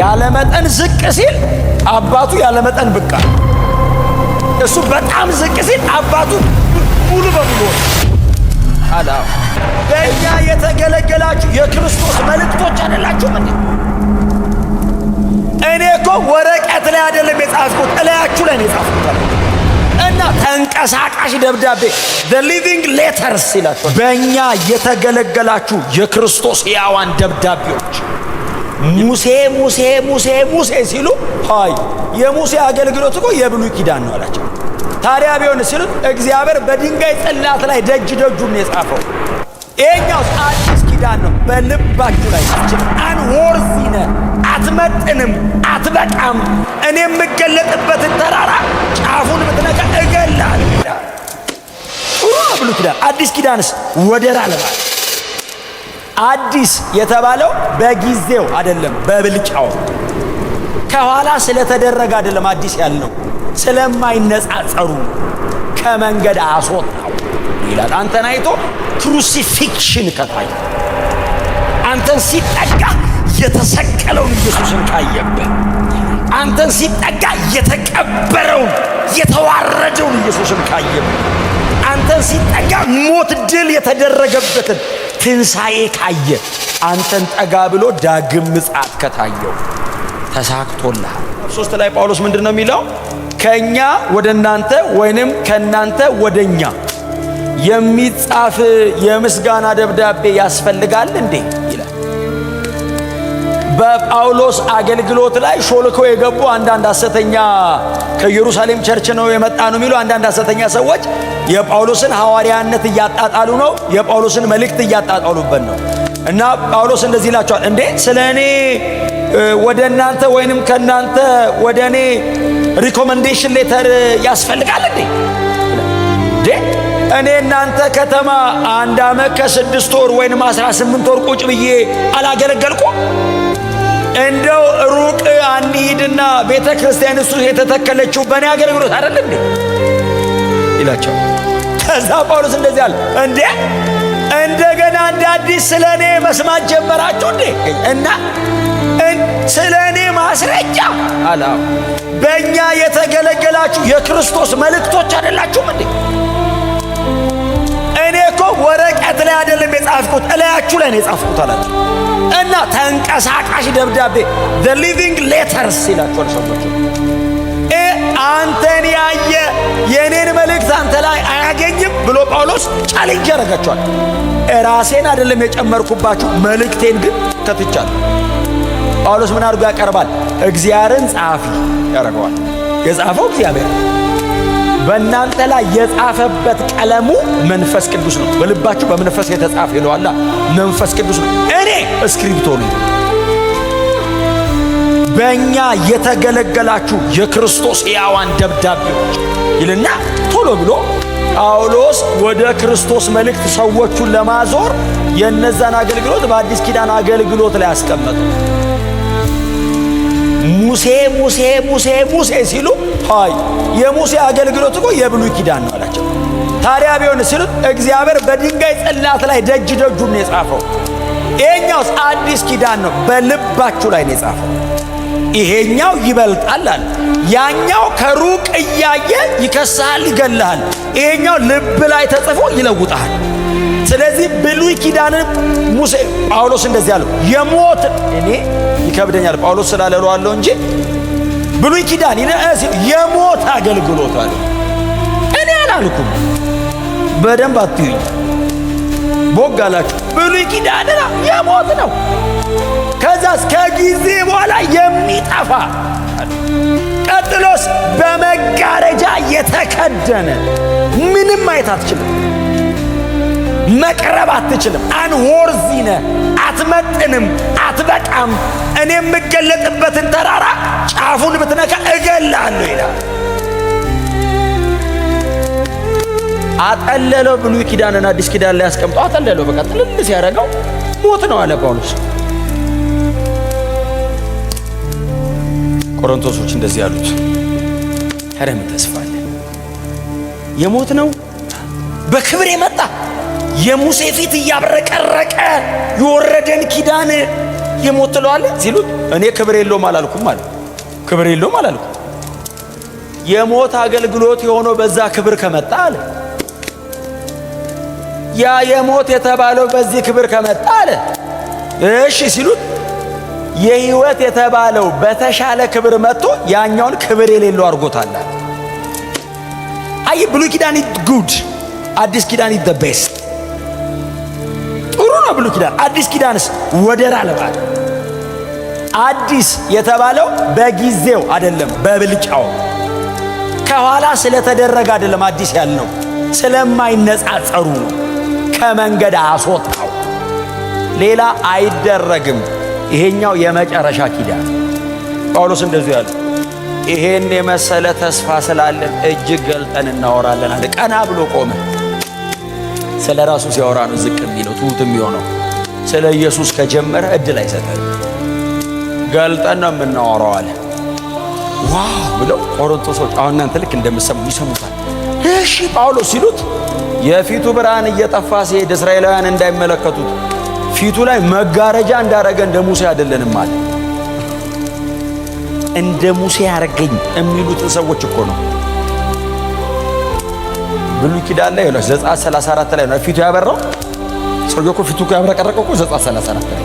ያለመጠን ዝቅ ሲል አባቱ ያለመጠን ብቃ እሱ በጣም ዝቅ ሲል አባቱ ሙሉ በሙሉ አላ በእኛ የተገለገላችሁ የክርስቶስ መልእክቶች አይደላችሁም እንዴ? እኔ እኮ ወረቀት ላይ አይደለም የጻፍኩት፣ እላያችሁ ላይ ነው የጻፍኩት እና ተንቀሳቃሽ ደብዳቤ ዘ ሊቪንግ ሌተርስ ይላቸዋል። በእኛ የተገለገላችሁ የክርስቶስ ሕያዋን ደብዳቤዎች ሙሴ ሙሴ ሙሴ ሙሴ ሲሉ ሀይ የሙሴ አገልግሎት እኮ የብሉይ ኪዳን ነው አላቸው። ታዲያ ቢሆን ሲሉ እግዚአብሔር በድንጋይ ጽላት ላይ ደጅ ደጁን የጻፈው ይሄኛው አዲስ ኪዳን ነው። በልባችሁ ላይ ችን አንወርዚነ አትመጥንም፣ አትበቃም። እኔ የምገለጥበትን ተራራ ጫፉን ብትነካ እገላል። ብሉይ ኪዳን አዲስ ኪዳንስ ወደር አልባ አዲስ የተባለው በጊዜው አይደለም፣ በብልጫው ከኋላ ስለተደረገ አይደለም። አዲስ ያልነው ስለማይነጻጸሩ ከመንገድ አስወጣው ይላል። አንተን አይቶ ክሩሲፊክሽን ከታየ አንተን ሲጠጋ የተሰቀለውን ኢየሱስን ካየብህ አንተን ሲጠጋ የተቀበረውን የተዋረደውን ኢየሱስን ካየብህ አንተን ሲጠጋ ሞት ድል የተደረገበትን ትንሣኤ ካየ አንተን ጠጋ ብሎ ዳግም ምጽአት ከታየው ተሳክቶልሃል። ሶስት ላይ ጳውሎስ ምንድን ነው የሚለው? ከእኛ ወደ እናንተ ወይንም ከእናንተ ወደ እኛ የሚጻፍ የምስጋና ደብዳቤ ያስፈልጋል እንዴ? በጳውሎስ አገልግሎት ላይ ሾልከው የገቡ አንዳንድ ሐሰተኛ ከኢየሩሳሌም ቸርች ነው የመጣ ነው የሚሉ አንዳንድ ሐሰተኛ ሰዎች የጳውሎስን ሐዋርያነት እያጣጣሉ ነው፣ የጳውሎስን መልእክት እያጣጣሉበት ነው። እና ጳውሎስ እንደዚህ ይላቸዋል፣ እንዴ ስለ እኔ ወደ እናንተ ወይንም ከእናንተ ወደ እኔ ሪኮመንዴሽን ሌተር ያስፈልጋል እንዴ? እኔ እናንተ ከተማ አንድ ዓመት ከስድስት ወር ወይንም አስራ ስምንት ወር ቁጭ ብዬ አላገለገልኩም? እንደው ሩቅ አንሂድና ቤተ ክርስቲያን እሱ የተተከለችው በእኔ አገልግሎት አይደል እንዴ ይላቸው። ከዛ ጳውሎስ እንደዚህ አለ፣ እንዴ እንደገና እንደ አዲስ ስለ እኔ መስማት ጀመራችሁ እንዴ? እና ስለ እኔ ማስረጃ አላ በእኛ የተገለገላችሁ የክርስቶስ መልእክቶች አይደላችሁም እንዴ? መሬት ላይ አይደለም የጻፍኩት እላያችሁ ላይ ነው የጻፍኩት አላቸው እና ተንቀሳቃሽ ደብዳቤ ዘ ሊቪንግ ሌተርስ ይላቸዋል ሰዎች። አንተን ያየ የእኔን መልእክት አንተ ላይ አያገኝም ብሎ ጳውሎስ ቻሌንጅ ያደረጋቸዋል። ራሴን አይደለም የጨመርኩባችሁ መልእክቴን ግን ከትቻለሁ። ጳውሎስ ምን አድርጎ ያቀርባል? እግዚአብሔርን ጸሐፊ ያደረገዋል። የጻፈው እግዚአብሔር በእናንተ ላይ የጻፈበት ቀለሙ መንፈስ ቅዱስ ነው። በልባችሁ በመንፈስ የተጻፈ ይለዋላ መንፈስ ቅዱስ ነው። እኔ እስክሪብቶ ነኝ። በእኛ የተገለገላችሁ የክርስቶስ ሕያዋን ደብዳቤዎች ይልና ቶሎ ብሎ ጳውሎስ ወደ ክርስቶስ መልእክት ሰዎቹን ለማዞር የእነዛን አገልግሎት በአዲስ ኪዳን አገልግሎት ላይ አስቀመጡ። ሙሴ ሙሴ ሙሴ ሙሴ ሲሉ አይ የሙሴ አገልግሎት እኮ የብሉይ ኪዳን ነው አላቸው። ታዲያ ቢሆን ስል እግዚአብሔር በድንጋይ ጽላት ላይ ደጅ ደጁን የጻፈው ይሄኛውስ አዲስ ኪዳን ነው፣ በልባችሁ ላይ ነው የጻፈው። ይሄኛው ይበልጣል አለ። ያኛው ከሩቅ እያየ ይከስሃል፣ ይገልሃል። ይሄኛው ልብ ላይ ተጽፎ ይለውጣል። ስለዚህ ብሉይ ኪዳንን ሙሴ ጳውሎስ እንደዚህ አለው የሞት እኔ ይከብደኛል ጳውሎስ ስላለለዋለሁ እንጂ ብሉይ ኪዳን የሞት አገልግሎት አለ። እኔ አላልኩም፣ በደንብ አትዩኝ። ቦግ አላችሁ። ብሉይ ኪዳን የሞት ነው። ከዛ እስከ ጊዜ በኋላ የሚጠፋ ቀጥሎስ፣ በመጋረጃ የተከደነ ምንም ማየት አትችልም። መቅረብ አትችልም። አንወርዚነ አትመጥንም፣ አትበቃም። እኔ የምገለጥበትን ተራራ ጫፉን ብትነካ እገላለሁ ይላል። አጠለለው ብሉይ ኪዳንን አዲስ ኪዳን ላይ አስቀምጦ አጠለለው። በቃ ጥልል ሲያደርገው ሞት ነው አለ ጳውሎስ። ቆሮንቶሶች እንደዚህ ያሉት ኧረ ምን ተስፋ አለ? የሞት ነው በክብር የመጣ የሙሴ ፊት እያብረቀረቀ የወረደን ኪዳን የሞት ትለዋለህ ሲሉት እኔ ክብር የለውም አላልኩም ማለት ክብር የለውም አላልኩም። የሞት አገልግሎት የሆነው በዛ ክብር ከመጣ አለ ያ የሞት የተባለው በዚህ ክብር ከመጣ አለ እሺ ሲሉት የህይወት የተባለው በተሻለ ክብር መጥቶ ያኛውን ክብር የሌለው አድርጎታል። አይ ብሉይ ኪዳን ኢት ጉድ፣ አዲስ ኪዳን ኢት ዘ ቤስት። ነው ብሉይ ኪዳን። አዲስ ኪዳንስ ወደር አለባት። አዲስ የተባለው በጊዜው አይደለም፣ በብልጫው ከኋላ ስለተደረገ አይደለም። አዲስ ያልነው ስለማይነጻጸሩ ከመንገድ አስወጣው። ሌላ አይደረግም። ይሄኛው የመጨረሻ ኪዳን። ጳውሎስ እንደዚሁ ያለ ይሄን የመሰለ ተስፋ ስላለን እጅግ ገልጠን እናወራለን አለ። ቀና ብሎ ቆመ። ስለ ራሱ ሲያወራ ነው ዝቅ የሚለው ትሁት የሚሆነው። ስለ ኢየሱስ ከጀመረ እድል አይሰጠን። ገልጠን ነው የምናወራው አለ። ዋው ብለው ቆሮንቶሶች፣ አሁን እናንተ ልክ እንደምሰሙ ይሰሙታል። እሺ ጳውሎስ ሲሉት የፊቱ ብርሃን እየጠፋ ሲሄድ እስራኤላውያን እንዳይመለከቱት ፊቱ ላይ መጋረጃ እንዳረገ እንደ ሙሴ አይደለንም አለ። እንደ ሙሴ ያረገኝ የሚሉትን ሰዎች እኮ ነው ብሉይ ኪዳን ላይ ነው ዘጸአት 34 ላይ ነው ፊቱ ያበራው ሰውዬ እኮ ፊቱ እኮ ያብረቀረቀው እኮ ዘጸአት 34 ላይ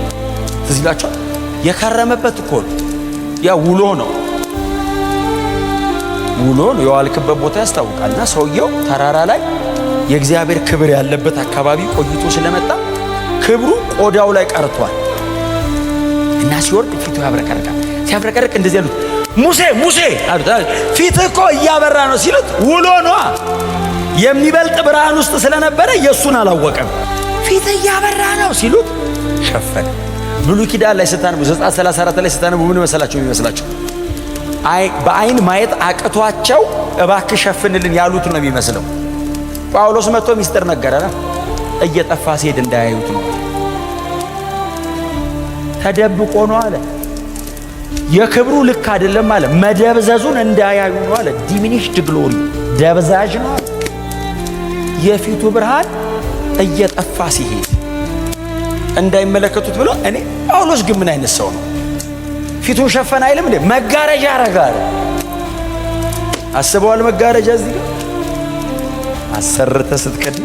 ትዝ ይላቸው የከረመበት እኮ ያ ውሎ ነው ውሎ ነው የዋልክበት ቦታ ያስታውቃል። ሰውየው ተራራ ላይ የእግዚአብሔር ክብር ያለበት አካባቢ ቆይቶ ስለመጣ ክብሩ ቆዳው ላይ ቀርቷል እና ሲወርድ ፊቱ ያብረቀርቃል። ሲያብረቀርቅ እንደዚህ ያሉት ሙሴ ሙሴ ፊት እኮ እያበራ ነው ሲሉት ውሎ ነዋ የሚበልጥ ብርሃን ውስጥ ስለነበረ የእሱን አላወቀም። ፊት እያበራ ነው ሲሉት ሸፈነ። ብሉይ ኪዳን ላይ ስታነቡ ዘጸአት 34 ላይ ስታነቡ ምን መሰላቸው የሚመስላቸው በአይን ማየት አቅቷቸው እባክህ ሸፍንልን ያሉት ነው የሚመስለው። ጳውሎስ መጥቶ ሚስጥር ነገረና እየጠፋ ሲሄድ እንዳያዩት ነው ተደብቆ ነው አለ። የክብሩ ልክ አይደለም አለ። መደብዘዙን እንዳያዩ ነው አለ። ዲሚኒሽድ ግሎሪ ደብዛዥ ነው አለ። የፊቱ ብርሃን እየጠፋ ሲሄድ እንዳይመለከቱት ብሎ እኔ ጳውሎስ ግን ምን አይነት ሰው ነው? ፊቱን ሸፈን አይልም እንዴ? መጋረጃ አረጋለ። አስበዋል። መጋረጃ እዚህ ጋር አሰርተ ስትቀድ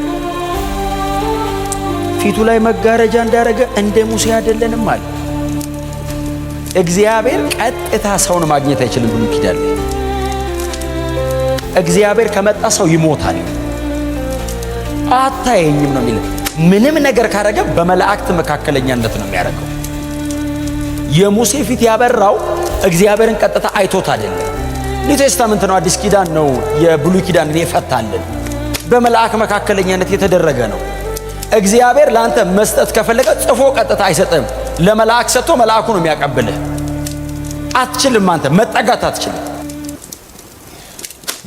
ፊቱ ላይ መጋረጃ እንዳረገ እንደ ሙሴ አይደለንም አለ። እግዚአብሔር ቀጥታ ሰውን ማግኘት አይችልም ብሎ ይኪዳል። እግዚአብሔር ከመጣ ሰው ይሞታል። አታየኝም ነው የሚለው። ምንም ነገር ካረገ በመላእክት መካከለኛነት ነው የሚያደርገው። የሙሴ ፊት ያበራው እግዚአብሔርን ቀጥታ አይቶት አይደለም። ኒው ቴስታመንት ነው፣ አዲስ ኪዳን ነው፣ የብሉይ ኪዳን የፈታልን በመልአክ መካከለኛነት የተደረገ ነው። እግዚአብሔር ለአንተ መስጠት ከፈለገ ጽፎ ቀጥታ አይሰጥም። ለመልአክ ሰጥቶ መልአኩ ነው የሚያቀብልህ። አትችልም፣ አንተ መጠጋት አትችልም።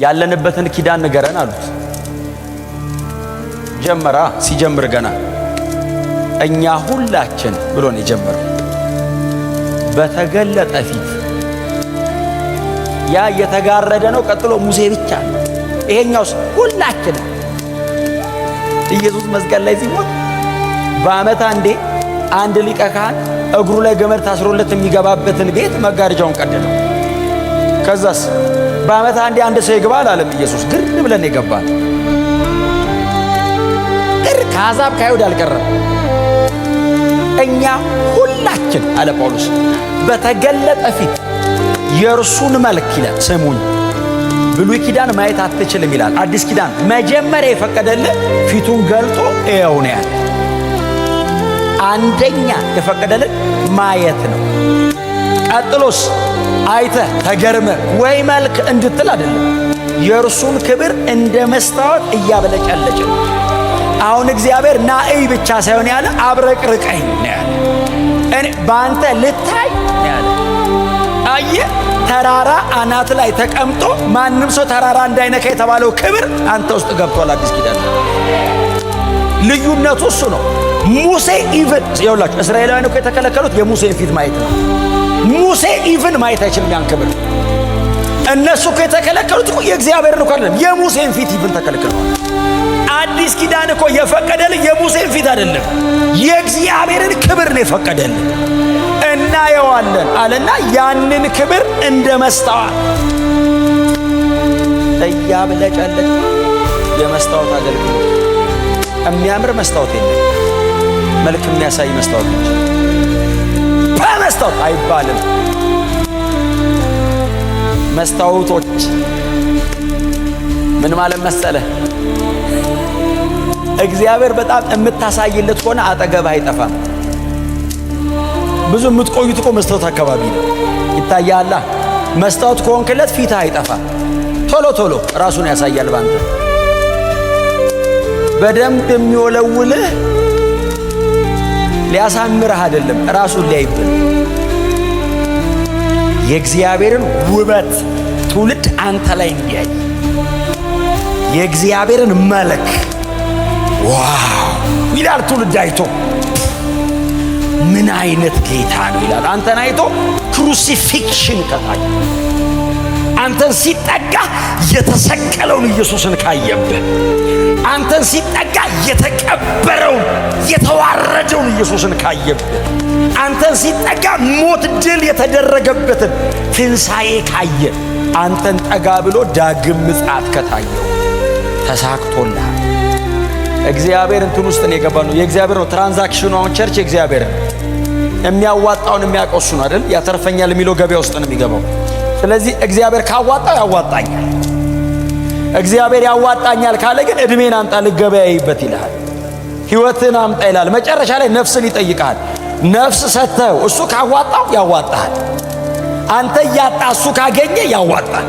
ያለንበትን ኪዳን ንገረን አሉት። ጀመራ። ሲጀምር ገና እኛ ሁላችን ብሎን የጀመረው በተገለጠ ፊት ያ የተጋረደ ነው። ቀጥሎ ሙሴ ብቻ ይሄኛውስ ሁላችን ኢየሱስ መስቀል ላይ ሲሞት በዓመት አንዴ አንድ ሊቀ ካህን እግሩ ላይ ገመድ ታስሮለት የሚገባበትን ቤት መጋረጃውን ቀደደው። ከዛስ በዓመት አንዴ አንድ ሰው ይግባ አላለም ኢየሱስ። ግር ብለን የገባል። ከአሕዛብ ከአይሁድ አልቀረም። እኛ ሁላችን አለ ጳውሎስ በተገለጠ ፊት የእርሱን መልክ ይላል። ስሙኝ ብሉይ ኪዳን ማየት አትችልም ይላል። አዲስ ኪዳን መጀመሪያ የፈቀደልህ ፊቱን ገልጦ እየው ነው ያለ። አንደኛ የፈቀደልን ማየት ነው። ቀጥሎስ አይተ ተገርመ ወይ መልክ እንድትል አይደለም፣ የእርሱን ክብር እንደ መስታወት እያበለጨለጭ ነው። አሁን እግዚአብሔር ናእይ ብቻ ሳይሆን ያለ አብረቅርቀኝ ነው እኔ በአንተ ልታይ አየ ተራራ አናት ላይ ተቀምጦ ማንም ሰው ተራራ እንዳይነካ የተባለው ክብር አንተ ውስጥ ገብቷል። አዲስ ኪዳን ልዩነቱ እሱ ነው። ሙሴ ኢቭን ይውላችሁ እስራኤላውያን እኮ የተከለከሉት የሙሴን ፊት ማየት ነው። ሙሴ ኢቭን ማየት አይችልም ያን ክብር። እነሱ እኮ የተከለከሉት የእግዚአብሔርን እኮ አይደለም የሙሴን ፊት ኢቭን ተከልክለዋል። አዲስ ኪዳን እኮ የፈቀደልን የሙሴን ፊት አይደለም፣ የእግዚአብሔርን ክብር ነው የፈቀደልን። እናየዋለን አለና ያንን ክብር እንደ መስታወት እያብለጨለጭ የመስታወት አገልግሎት የሚያምር መስታወት የለም፣ መልክ የሚያሳይ መስታወት እንጂ በመስታወት አይባልም። መስታወቶች ምን ማለት መሰለ እግዚአብሔር በጣም የምታሳይለት ከሆነ አጠገብ አይጠፋም። ብዙ የምትቆዩት እኮ መስታወት አካባቢ ነው። ይታያላ መስታወት ከሆንክለት ፊትህ አይጠፋም። ቶሎ ቶሎ ራሱን ያሳያል ባንተ በደንብ የሚወለውልህ ሊያሳምርህ አይደለም፣ ራሱን ሊያይብን። የእግዚአብሔርን ውበት ትውልድ አንተ ላይ እንዲያይ የእግዚአብሔርን መልክ ዋው ይላል ትውልድ አይቶ ምን አይነት ጌታ ነው ይላል። አንተን አይቶ ክሩሲፊክሽን ከታየ አንተን ሲጠጋ የተሰቀለውን ኢየሱስን ካየብህ አንተን ሲጠጋ የተቀበረውን የተዋረደውን ኢየሱስን ካየብህ አንተን ሲጠጋ ሞት ድል የተደረገበትን ትንሣኤ ካየ አንተን ጠጋ ብሎ ዳግም ምጽአት ከታየው ተሳክቶልሃል። እግዚአብሔር እንትን ውስጥ ነው የገባ ነው የእግዚአብሔር ነው ትራንዛክሽኑ። አሁን ቸርች እግዚአብሔር የሚያዋጣውን የሚያቆሱ ነው አይደል? ያተርፈኛል የሚለው ገበያ ውስጥ ነው የሚገባው። ስለዚህ እግዚአብሔር ካዋጣው ያዋጣኛል። እግዚአብሔር ያዋጣኛል ካለ ግን እድሜን አምጣ ልገበያይበት ይልሃል። ህይወትን አምጣ ይላል። መጨረሻ ላይ ነፍስን ይጠይቃል። ነፍስ ሰጥተው እሱ ካዋጣው ያዋጣሃል። አንተ እያጣ እሱ ካገኘ ያዋጣል።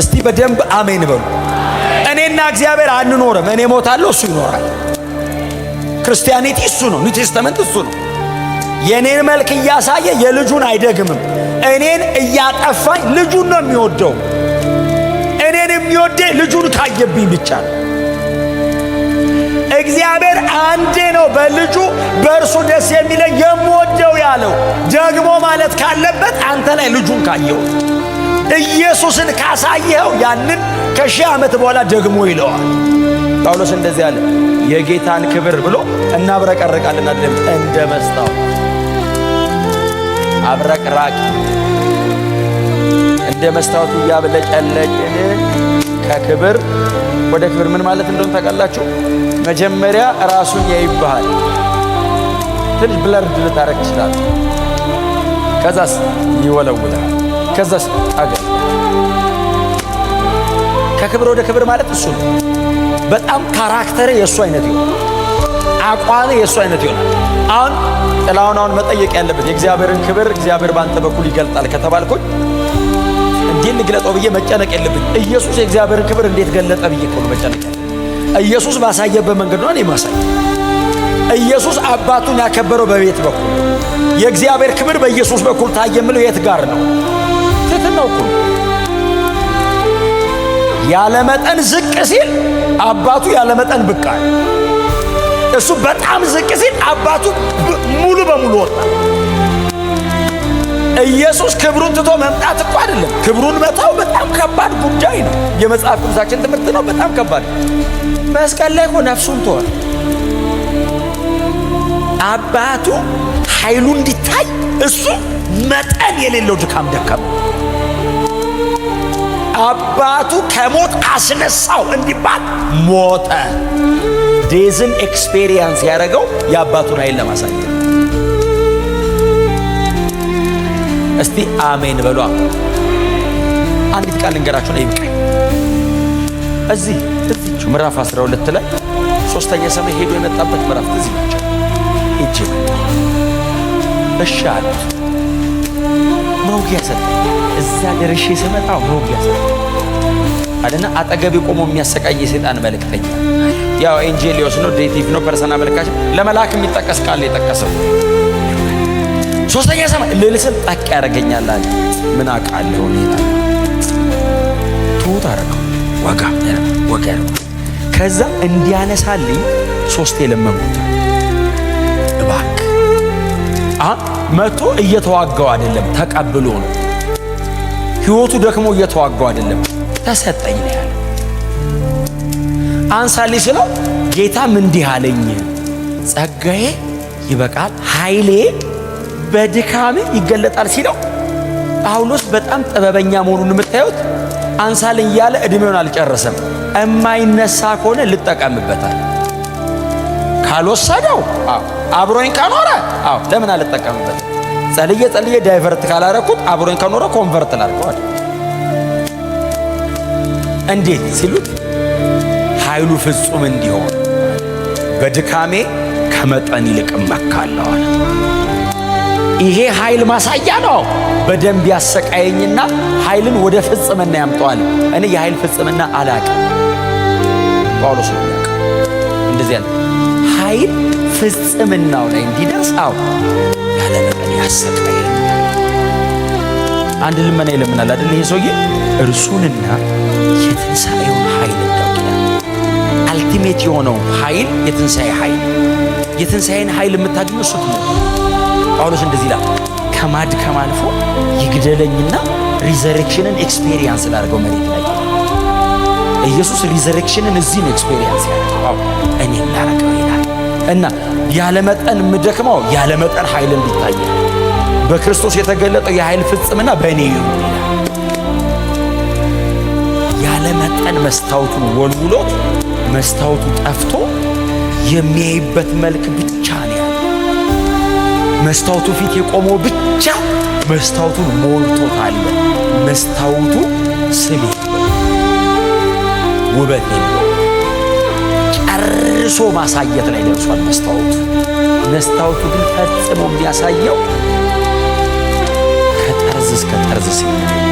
እስቲ በደንብ አሜን በሉ። እኔና እግዚአብሔር አንኖርም። እኔ ሞታለሁ፣ እሱ ይኖራል። ክርስቲያኒቲ እሱ ነው። ኒው ቴስተመንት እሱ ነው። የእኔን መልክ እያሳየ የልጁን አይደግምም። እኔን እያጠፋኝ ልጁን ነው የሚወደው። እኔን የሚወደኝ ልጁን ካየብኝ ብቻ ነው። እግዚአብሔር አንዴ ነው በልጁ በእርሱ ደስ የሚለኝ የምወደው ያለው። ደግሞ ማለት ካለበት አንተ ላይ ልጁን ካየሁት ኢየሱስን ካሳየኸው ያንን ከሺህ ዓመት በኋላ ደግሞ ይለዋል። ጳውሎስ እንደዚህ አለ፣ የጌታን ክብር ብሎ እናብረቀርቃለን አይደለም፣ እንደ መስታወት አብረቅራቅ እንደ መስታወት እያብለጨለጭን ከክብር ወደ ክብር ምን ማለት እንደሆነ ታውቃላችሁ? መጀመሪያ ራሱን ያይባሃል። ትንሽ ብለርድ ልታረግ ይችላል። ከዛስ ይወለውላል። ከዛስ አገ ከክብር ወደ ክብር ማለት እሱ ነው። በጣም ካራክተር የእሱ አይነት ይሆናል። አቋም የእሱ አይነት ይሆናል። አሁን ጥላውን አሁን መጠየቅ ያለበት የእግዚአብሔርን ክብር እግዚአብሔር ባንተ በኩል ይገልጣል ከተባልኩኝ እንዴት ልግለጠው ብዬ መጨነቅ የለብኝ። ኢየሱስ የእግዚአብሔርን ክብር እንዴት ገለጠ ብዬ ከሆነ መጨነቅ ያለ ኢየሱስ ባሳየበት መንገድ ነው እኔ ማሳየ ኢየሱስ አባቱን ያከበረው በቤት በኩል የእግዚአብሔር ክብር በኢየሱስ በኩል ታየ የምለው የት ጋር ነው? ትህትናው እኮ ነው። ያለመጠን ዝቅ ሲል አባቱ ያለመጠን ብቅ አለ። እሱ በጣም ዝቅ ሲል አባቱ ሙሉ በሙሉ ወጣ። ኢየሱስ ክብሩን ትቶ መምጣት እኮ አይደለም። ክብሩን መታው በጣም ከባድ ጉዳይ ነው። የመጽሐፍ ቅዱሳችን ትምህርት ነው። በጣም ከባድ መስቀል ላይ እኮ ነፍሱን ተወል አባቱ ኃይሉ እንዲታይ እሱ መጠን የሌለው ድካም ደከመ። አባቱ ከሞት አስነሳው እንዲባል ሞተ። ዴዝን ኤክስፔሪየንስ ያደረገው የአባቱን ኃይል ለማሳየት። እስቲ አሜን በሏ። አንዲት ቃል እንገራችሁ ነው ይብቃኝ። እዚህ እዚች ምዕራፍ 12 ላይ ሶስተኛ ሰማይ ሄዶ የመጣበት ምዕራፍ እዚህ እጅ እሻ አሉት። መውጊያ ሰጠ። እዛ ደርሼ ስመጣ መውጊያ ሰጠ አለና አጠገብ ቆሞ የሚያሰቃይ የሰይጣን መልእክተኛ ያው ኤንጄሊዮስ ነው፣ ዴቲቭ ነው፣ ፐርሰና መልካች ለመልአክ የሚጠቀስ ቃል የጠቀሰው ሶስተኛ ሰማይ ልልስም ጠቅ ያደርገኛል አለ። ምን አውቃለሁ እኔ ትሁት አደረገው ወጋ ወጋ ያደረገው ከዛ እንዲያነሳልኝ ሶስቴ ለመንኩት እባክህ አሁን መጥቶ እየተዋጋው አይደለም፣ ተቀብሎ ነው። ህይወቱ ደክሞ እየተዋጋው አይደለም፣ ተሰጠኝ ነው ያለ። አንሳልኝ ስለው ጌታም እንዲህ አለኝ፣ ጸጋዬ ይበቃል፣ ኃይሌ በድካም ይገለጣል ሲለው ጳውሎስ በጣም ጥበበኛ መሆኑን የምታዩት አንሳልኝ እያለ ዕድሜውን አልጨረሰም። እማይነሳ ከሆነ ልጠቀምበታል። ካልወሰደው አብሮኝ ከኖረ አዎ ለምን አልጠቀምበት? ጸልየ ጸልየ ዳይቨርት ካላረኩት አብሮኝ ከኖረ ኮንቨርት ላድርገዋል። እንዴት ሲሉት ኃይሉ ፍጹም እንዲሆን በድካሜ ከመጠን ይልቅ እመካለዋል። ይሄ ኃይል ማሳያ ነው። በደንብ ያሰቃየኝና ኃይልን ወደ ፍጽምና ያምጠዋል። እኔ የኃይል ፍጽምና አላቅም። ጳውሎስ እንደዚህ ያለ ኃይል ፍጽምናው ላይ እንዲደርስ አው ያለ መጠን አንድ ልመና ይለምናል አደል? ይሄ ሰውዬ እርሱንና የትንሣኤውን ኃይል እንዳውቅ አልቲሜት የሆነው ኃይል የትንሣኤ ኃይል የትንሣኤን ኃይል የምታገኘው እሱ ነው። ጳውሎስ እንደዚህ ይላል፣ ከማድ ከማልፎ ይግደለኝና ሪዘሬክሽንን ኤክስፔሪየንስ ላድርገው መሬት ላይ ኢየሱስ ሪዘሬክሽንን እዚህ ነው ኤክስፔሪየንስ ያደርገው እኔ ላረገ እና ያለመጠን የምደክመው ያለመጠን ኃይል እንዲታየ በክርስቶስ የተገለጠው የኃይል ፍጽምና በእኔ ይሁን ያለመጠን መስታወቱ ወልውሎ መስታወቱ ጠፍቶ የሚያይበት መልክ ብቻ ነው ያለ መስታወቱ ፊት የቆመው ብቻ መስታወቱን ሞልቶታል። መስታወቱ ስሜ ውበት የለው። ጨርሶ ማሳየት ላይ ደርሷል መስታወቱ። መስታወቱ ግን ፈጽሞ የሚያሳየው ከጠርዝ እስከ ጠርዝ ሲሆን